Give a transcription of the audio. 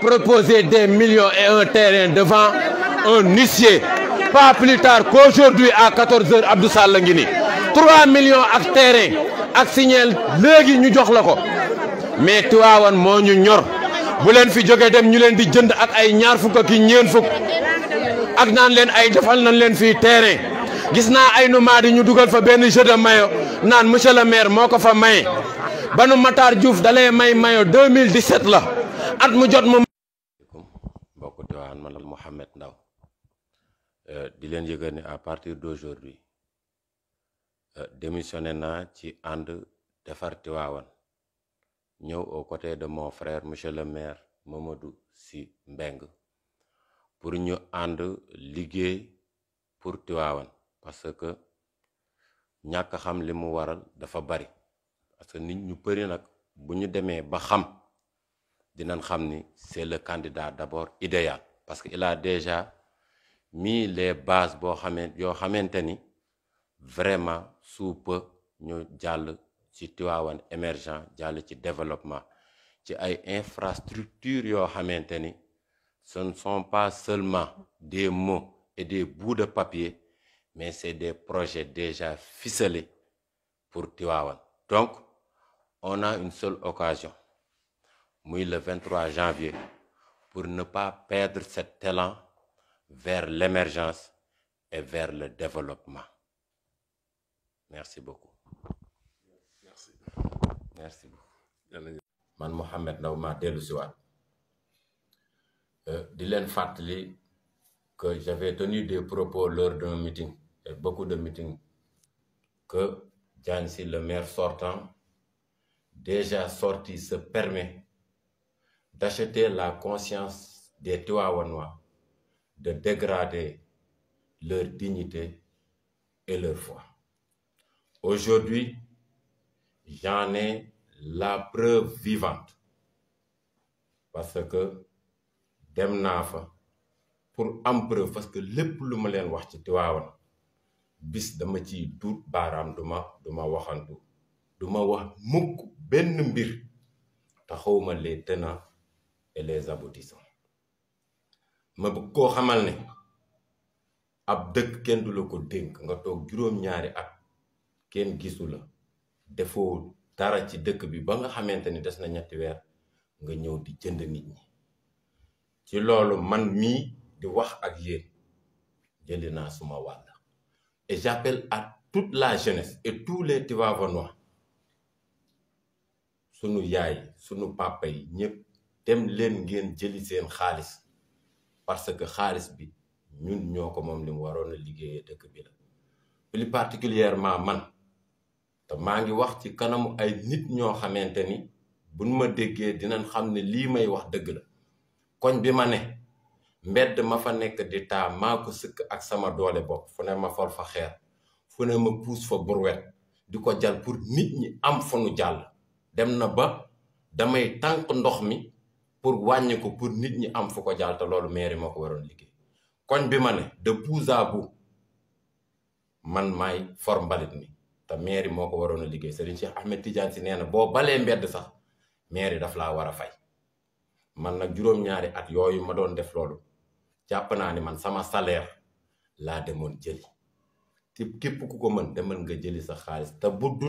proposer des millions et un terrain devant un huissier. Pas plus tard qu'aujourd'hui à 14h, Abdou 3 millions de terrain, signal, légui ñu jox Mais mo ñu ñor. Bu fi dem ñu di jënd ak ay ñaar ak ñeen Ak naan ay defal fi terrain. Gis ay ñu fa jeu de monsieur le maire fa Banu 2017 la. at mu jot Tivaouane man la Mohamed Ndaw euh, di leen yëgal ni à partir d'aujourd'hui euh, démissionné naa ci ànd defar Tivaouane ñëw aux côtés de mon frère monsieur le maire Mamadou si Mbengue pour ñu ànd liggéey pour Tivaouane parce que ñàkk xam li mu waral dafa bari parce que nit ñu bëri nag bu ñu demee ba xam c'est le candidat d'abord idéal parce qu'il a déjà mis les bases pour vraiment sous peu ñu dialogue ci émergent dialogue développement infrastructures ce ne sont pas seulement des mots et des bouts de papier mais c'est des projets déjà ficelés pour Tivaouane donc on a une seule occasion le 23 janvier, pour ne pas perdre cet élan vers l'émergence et vers le développement. Merci beaucoup. Merci. Merci beaucoup. man Fatli euh, que j'avais tenu des propos lors d'un meeting et beaucoup de meetings que Jansi le maire sortant déjà sorti se permet d'acheter la conscience des Tuawanois, de dégrader leur dignité et leur foi. Aujourd'hui, j'en ai la preuve vivante parce que demnafa, pour am preuve parce que lépp lu ma leen wax ci bis dama ciy tout baram duma duma de duma waxantu du ma wax mukk benn mbir les tenants et les aboutissants ma bëgg koo xamal ne ab dëkk kenn du la ko dénk nga toog juróom-ñaari at kenn gisu la defoo dara ci dëkk bi ba nga xamante ni des na ñetti weer nga ñëw di jënd nit ñi ci loolu man mii di wax ak suma et j'appelle à toute la jeunesse et tous les Tivaouanois sunu yaay sunu papa yi ñëpp dem leen ngeen jëli seen xaalis parce que xaalis bi ñun ñoo ko moom li mu waroon a dëkk bi la plus particulièrement man te maa ngi wax ci kanamu ay nit ñoo xamante ni buñ ma déggee dinañ xam ne lii may wax dëgg la koñ bi ma ne mbedd ma fa nekk di taa maa ko sëkk ak sama doole bo fu ne ma for fa xeer fu ne ma puus fa burwet di ko jal pour nit ñi am fu nu jàll dem na ba damay tànk ndox mi pour wagné ko pour nit ñi am fu ko jaal te lolu mairie mako waron liggé liggéey koñ bi mané de bout bu man may form balit ni ta mairie moo ko liggé Serigne Cheikh Ahmed Tidiane ci néna bo balé mbéd sax mairie daf la wara fay man nak juróom-ñaari at yoyu ma doon def lolu japp ni man sama salaire lademon demone jëli tip kep ku ko man demal nga jëli sa xaaliss ta bu